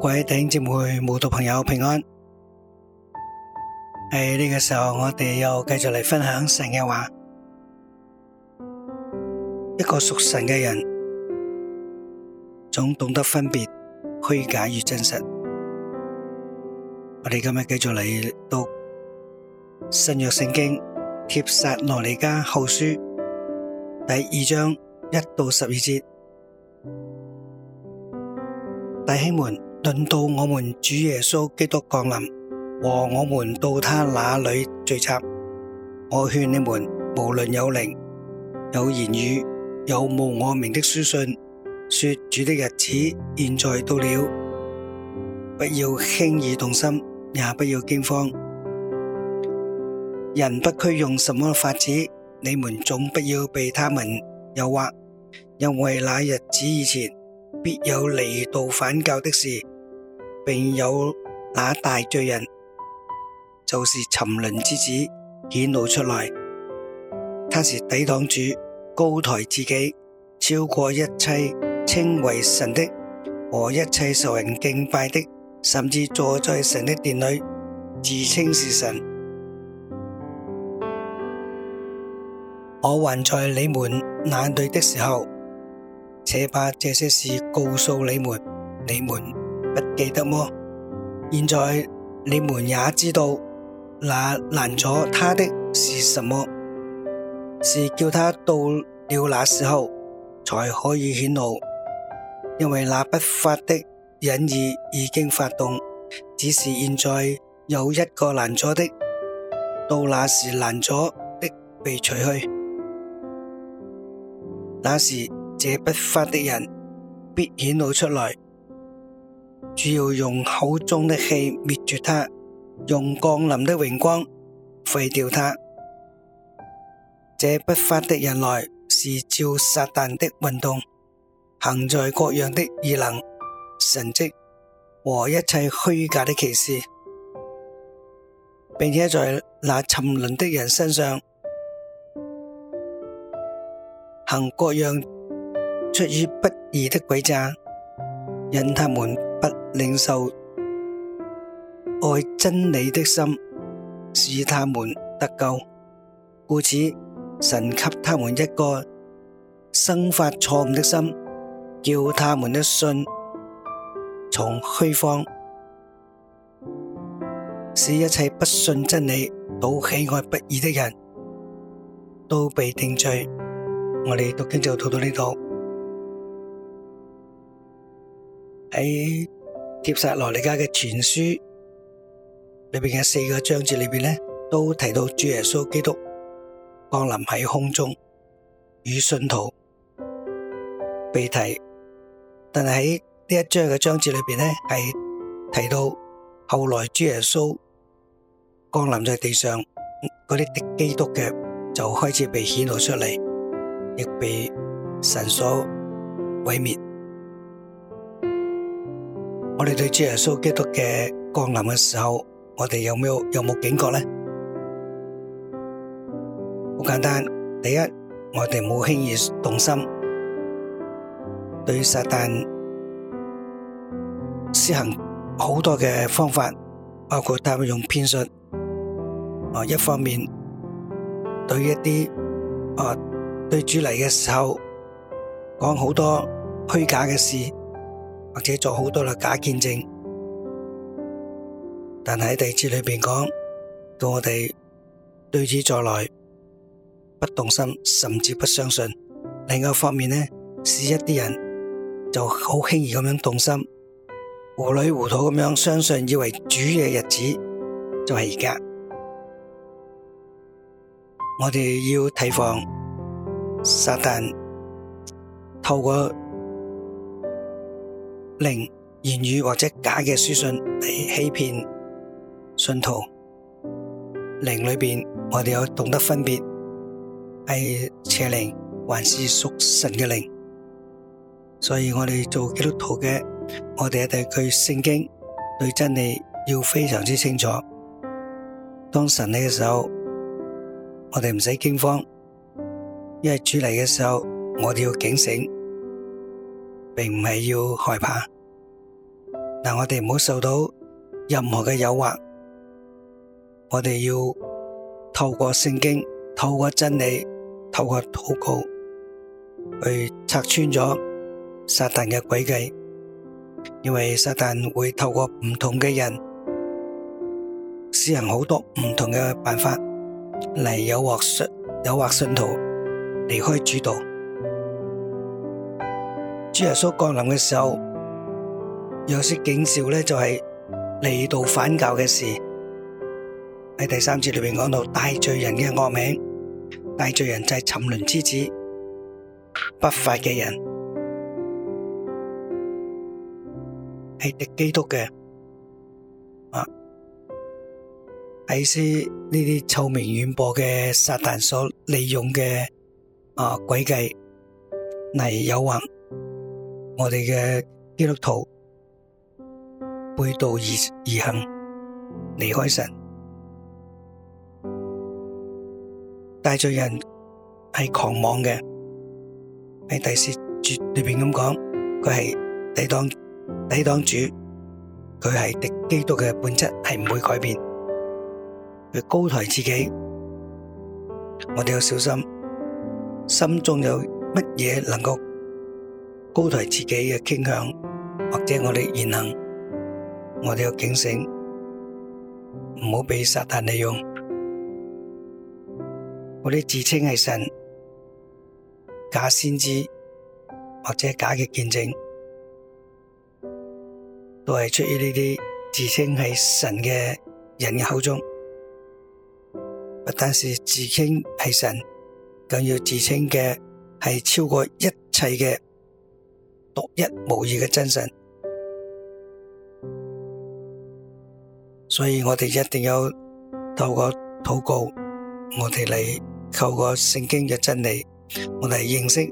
鬼頂節目，無道朋友平安。喺、哎、呢、這個時候，我哋又繼續嚟分享神嘅話。一個屬神嘅人，總懂得分別虛假與真實。我哋今日繼續嚟讀新約聖經帖撒羅尼迦後書第二章一到十二節，弟兄們。論到我們主耶穌基督降臨，和我們到他那裏聚集，我勸你們，無論有靈、有言語、有無我名的書信，說主的日子現在到了，不要輕易動心，也不要驚慌。人不拘用什麼法子，你們總不要被他們誘惑，因為那日子以前，必有離道反教的事。並有那大罪人，就是沉淪之子顯露出來。他是抵擋主，高抬自己，超過一切稱為神的，和一切受人敬拜的，甚至坐在神的殿裏，自稱是神。我還在你們眼對的時候，且把這些事告訴你們，你們。不記得嗎？現在，你們也知道，主要用口中的氣滅絕他，用降臨的榮光廢掉他。這不法的人來是照撒旦的運動，行在各樣的異能、神蹟和一切虛假的奇事，並且在那沉淪的人身上行各樣出於不義的詭詐，引他們。不領受愛真理的心，使他們得救；故此，神給他們一個生發錯誤的心，叫他們的信從虛謊，使一切不信真理、倒喜愛不義的人，都被定罪。我哋讀經就讀到呢度。喺帖撒羅尼迦嘅全書裏邊嘅四個章節裏邊咧，都提到主耶穌基督降臨喺空中與信徒被提，但係喺呢一章嘅章節裏邊咧，係提到後來主耶穌降臨在地上，嗰啲敵基督嘅就開始被顯露出嚟，亦被神所毀滅。我哋對主耶穌基督嘅降臨嘅時候，我哋有冇有冇警覺咧？好簡單，第一，我哋冇輕易動心，對撒但施行好多嘅方法，包括佢哋用騙術，啊，一方面對一啲啊對主嚟嘅時候講好多虛假嘅事。或者做好多啦假見證，但喺地址裏邊講到我哋對此再來不動心，甚至不相信。另一方面呢，使一啲人就好輕易咁樣動心，糊裏糊塗咁樣相信，以為主嘅日子就係而家。我哋要提防撒旦透過。靈言語或者假嘅書信嚟欺騙信徒，靈裏邊我哋有懂得分別係邪靈還是屬神嘅靈，所以我哋做基督徒嘅，我哋一定要對聖經對真理要非常之清楚。當神嚟嘅時候，我哋唔使驚慌，因為主嚟嘅時候，我哋要警醒，並唔係要害怕。但，我哋唔好受到任何嘅誘惑，我哋要透過聖經、透過真理、透過禱告，去拆穿咗撒旦嘅詭計。因為撒旦會透過唔同嘅人、使用好多唔同嘅辦法嚟誘惑信、誘惑信徒離開主道。主耶穌降臨嘅時候。若說警兆咧，就係離道反教嘅事。喺第三節裏邊講到大罪人嘅惡名，大罪人就係沉淪之子，不法嘅人，係敵基督嘅。啊，係指呢啲臭名遠播嘅撒旦所利用嘅啊詭計嚟誘惑我哋嘅基督徒。背道而而行，離開神，大罪人係狂妄嘅。喺第四節裏邊咁講，佢係抵擋抵擋主，佢係敵基督嘅本質係唔會改變。佢高抬自己，我哋要小心，心中有乜嘢能夠高抬自己嘅傾向，或者我哋言行。我哋要警醒，唔好被撒旦利用。我哋自稱係神、假先知或者假嘅見證，都係出於呢啲自稱係神嘅人嘅口中。不單是自稱係神，更要自稱嘅係超過一切嘅獨一無二嘅真神。所以我哋一定要透過禱告，我哋嚟透過聖經嘅真理，我哋認識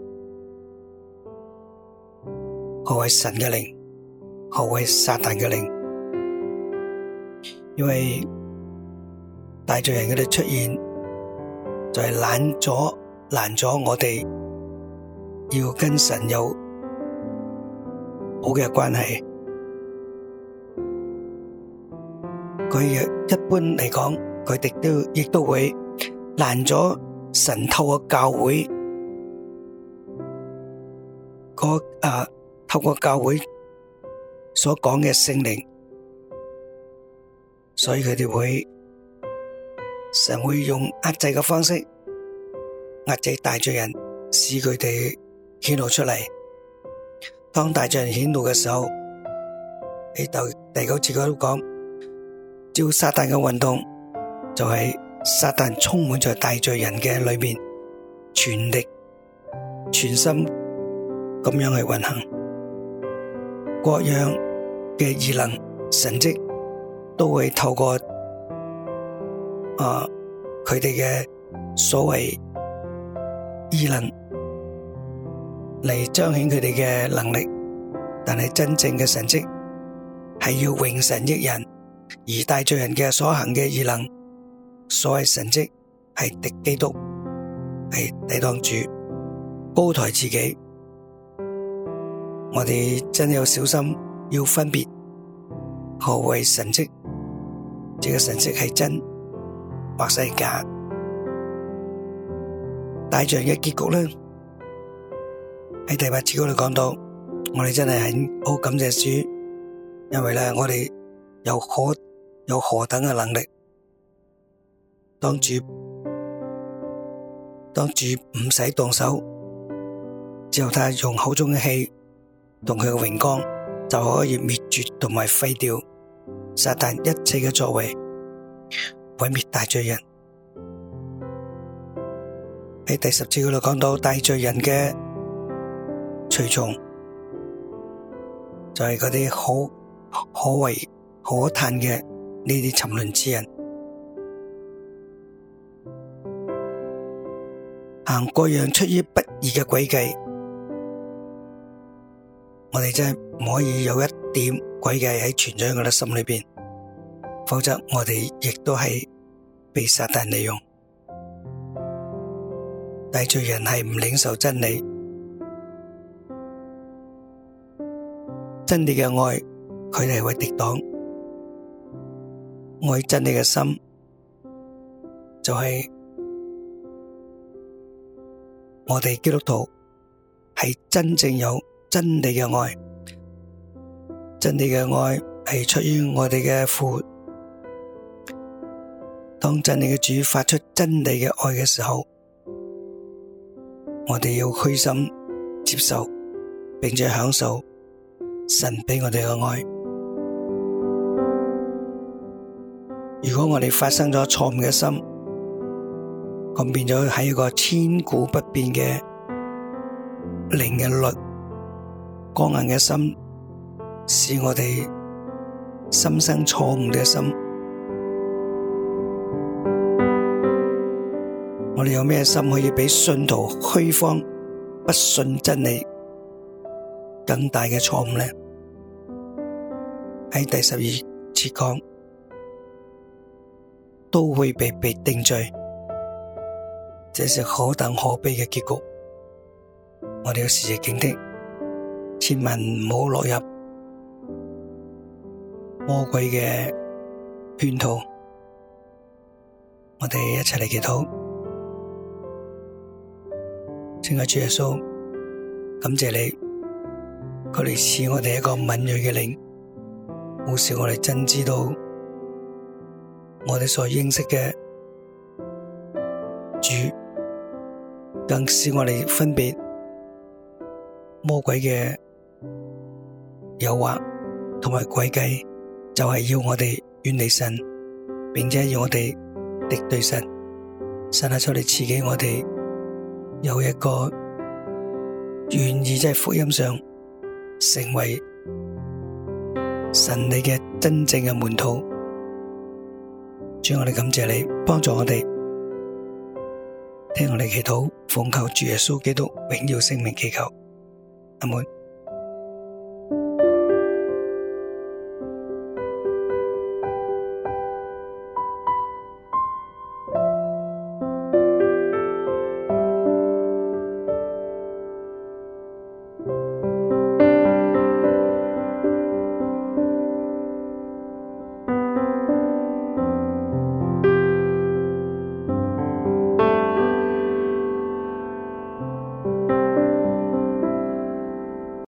何為神嘅靈，何為撒旦嘅靈。因為大罪人佢哋出現就係懶咗，懶咗，我哋要跟神有好嘅關係。佢一一般嚟講，佢哋都亦都會攔咗神透過教會嗰啊，透過教會所講嘅聖靈，所以佢哋會神會用壓制嘅方式壓制大罪人，使佢哋顯露出嚟。當大罪人顯露嘅時候，你就第九節我都講。照撒旦嘅運動，而大罪人嘅所行嘅異能，所謂神蹟係敵基督，係抵擋主，高抬自己。我哋真係要小心，要分別何謂神蹟，這個神蹟係真或者係假。大罪人嘅結局咧，喺第八節嗰度講到，我哋真係很好感謝主，因為咧我哋有可。有何等嘅能力？當主，當主唔使動手，只要他用口中嘅氣同佢嘅榮光，就可以滅絕同埋廢掉撒旦一切嘅作為，毀滅大罪人。喺第十節嗰度講到大罪人嘅隨從，就係嗰啲可可為可嘆嘅。呢啲沉淪之人，行各樣出於不義嘅詭計，我哋真係唔可以有一點詭計喺存在我哋心裏邊，否則我哋亦都係被撒但利用。大罪人係唔領受真理，真理嘅愛佢哋會抵擋。愛如果我哋發生咗錯誤嘅心，咁變咗喺一個千古不變嘅靈嘅律，剛硬嘅心，使我哋心生錯誤嘅心。我哋有咩心可以比信徒虛荒不信真理更大嘅錯誤呢？喺第十二節講。都會被被定罪，這是可等可悲嘅結局。我哋要時時警惕，千萬唔好落入魔鬼嘅圈套。我哋一齊嚟祈禱，敬愛主耶穌，感謝你，佢嚟賜我哋一個敏銳嘅靈，好使我哋真知道。我哋所認識嘅主，更使我哋分別魔鬼嘅誘惑同埋詭計，就係要我哋遠離神，並且要我哋敵對神。神阿，出嚟刺激我哋，有一個願意即係福音上成為神你嘅真正嘅門徒。我哋感謝你幫助我哋聽我哋祈禱，奉求主耶穌基督榮耀聖名祈求阿門。